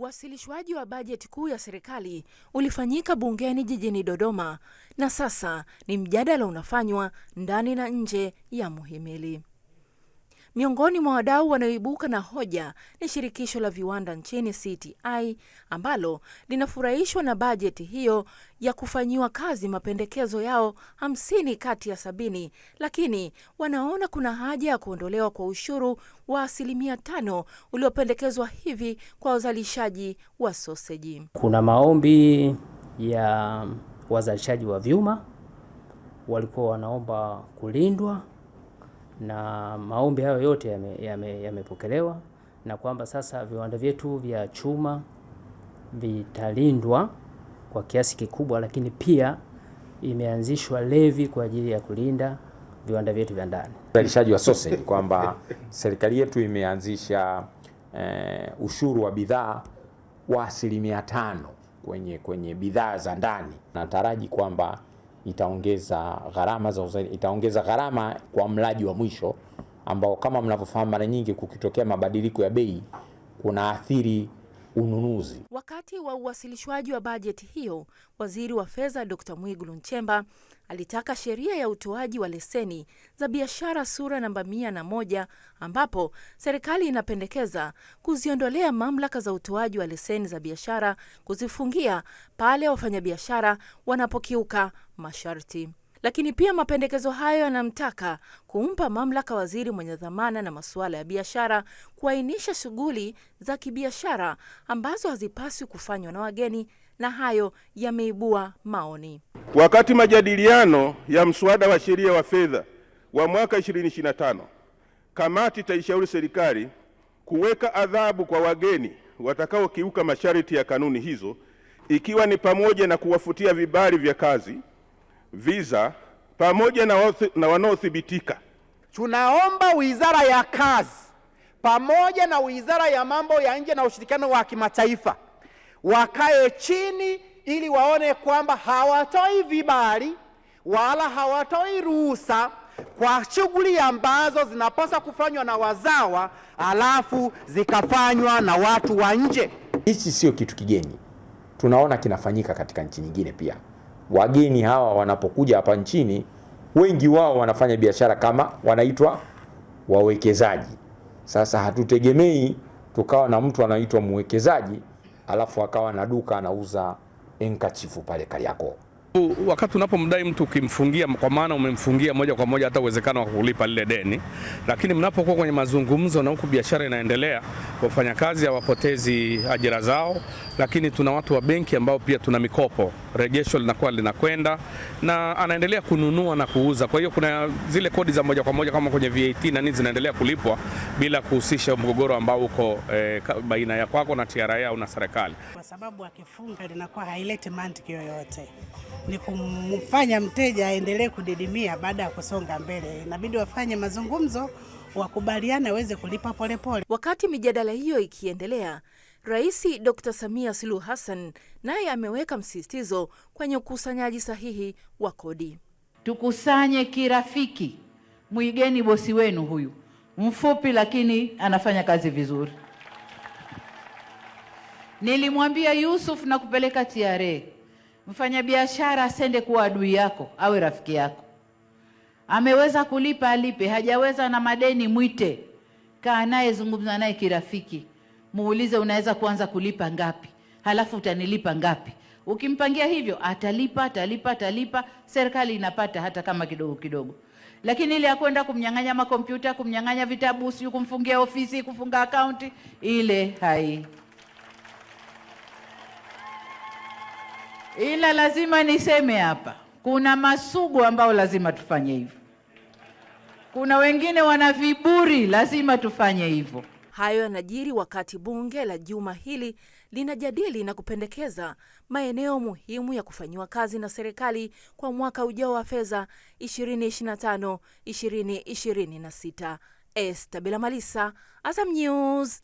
Uwasilishwaji wa bajeti kuu ya serikali ulifanyika bungeni jijini Dodoma na sasa ni mjadala unafanywa ndani na nje ya muhimili. Miongoni mwa wadau wanaoibuka na hoja ni shirikisho la viwanda nchini CTI ambalo linafurahishwa na bajeti hiyo ya kufanyiwa kazi mapendekezo yao hamsini kati ya sabini, lakini wanaona kuna haja ya kuondolewa kwa ushuru wa asilimia tano uliopendekezwa hivi kwa wazalishaji wa soseji. Kuna maombi ya wazalishaji wa vyuma walikuwa wanaomba kulindwa na maombi hayo yote yamepokelewa yame, yame na kwamba sasa viwanda vyetu vya chuma vitalindwa kwa kiasi kikubwa, lakini pia imeanzishwa levi kwa ajili ya kulinda viwanda vyetu vya ndani uzalishaji wa soseji kwamba serikali yetu imeanzisha eh, ushuru wa bidhaa wa asilimia tano kwenye, kwenye bidhaa za ndani. Nataraji kwamba itaongeza gharama za uzali, itaongeza gharama kwa mlaji wa mwisho ambao kama mnavyofahamu, mara nyingi kukitokea mabadiliko ya bei kuna athiri ununuzi. Wakati wa uwasilishwaji wa bajeti hiyo, waziri wa fedha Dr. Mwigulu Nchemba alitaka sheria ya utoaji wa leseni za biashara sura namba mia na moja ambapo serikali inapendekeza kuziondolea mamlaka za utoaji wa leseni za biashara kuzifungia pale wafanyabiashara wanapokiuka masharti. Lakini pia mapendekezo hayo yanamtaka kumpa mamlaka waziri mwenye dhamana na masuala ya biashara kuainisha shughuli za kibiashara ambazo hazipaswi kufanywa na wageni, na hayo yameibua maoni. Wakati majadiliano ya mswada wa sheria wa fedha wa mwaka 2025, kamati itaishauri serikali kuweka adhabu kwa wageni watakaokiuka masharti ya kanuni hizo, ikiwa ni pamoja na kuwafutia vibali vya kazi visa pamoja na, na wanaothibitika. Tunaomba Wizara ya Kazi pamoja na Wizara ya Mambo ya Nje na Ushirikiano wa Kimataifa wakae chini ili waone kwamba hawatoi vibali wala hawatoi ruhusa kwa shughuli ambazo zinapaswa kufanywa na wazawa alafu zikafanywa na watu wa nje. Hichi sio kitu kigeni, tunaona kinafanyika katika nchi nyingine pia wageni hawa wanapokuja hapa nchini, wengi wao wanafanya biashara kama wanaitwa wawekezaji. Sasa hatutegemei tukawa na mtu anaitwa mwekezaji alafu akawa na duka anauza enkachifu pale Kariakoo. Wakati unapomdai mtu ukimfungia, kwa maana umemfungia moja kwa moja hata uwezekano wa kulipa lile deni, lakini mnapokuwa kwenye mazungumzo na huku biashara inaendelea, wafanyakazi hawapotezi ajira zao, lakini tuna watu wa benki ambao pia tuna mikopo rejesho linakuwa linakwenda na anaendelea kununua na kuuza. Kwa hiyo kuna zile kodi za moja kwa moja kama kwenye VAT na nini zinaendelea kulipwa bila kuhusisha mgogoro ambao uko e, baina ya kwako na TRA au na serikali, kwa sababu akifunga linakuwa haileti mantiki yoyote, ni kumfanya mteja aendelee kudidimia baada ya kusonga mbele. Inabidi wafanye mazungumzo, wakubaliane waweze kulipa polepole pole. Wakati mijadala hiyo ikiendelea Rais Dr. Samia Suluhu Hassan naye ameweka msisitizo kwenye ukusanyaji sahihi wa kodi. Tukusanye kirafiki, mwigeni bosi wenu huyu mfupi, lakini anafanya kazi vizuri. Nilimwambia Yusuf na kupeleka TRA, mfanyabiashara asende kuwa adui yako, awe rafiki yako. Ameweza kulipa alipe, hajaweza na madeni mwite, kaa naye, zungumza naye kirafiki muulize unaweza kuanza kulipa ngapi, halafu utanilipa ngapi. Ukimpangia hivyo atalipa, atalipa, atalipa, serikali inapata hata kama kidogo kidogo. Lakini ile ya kwenda kumnyang'anya makompyuta, kumnyang'anya vitabu, sijui kumfungia ofisi, kufunga akaunti, ile hai ila lazima niseme hapa, kuna masugu ambao lazima tufanye hivyo. Kuna wengine wana viburi, lazima tufanye hivyo. Hayo yanajiri wakati bunge la juma hili linajadili na kupendekeza maeneo muhimu ya kufanyiwa kazi na serikali kwa mwaka ujao wa fedha 2025 2026. Estabela Malisa, Azam News.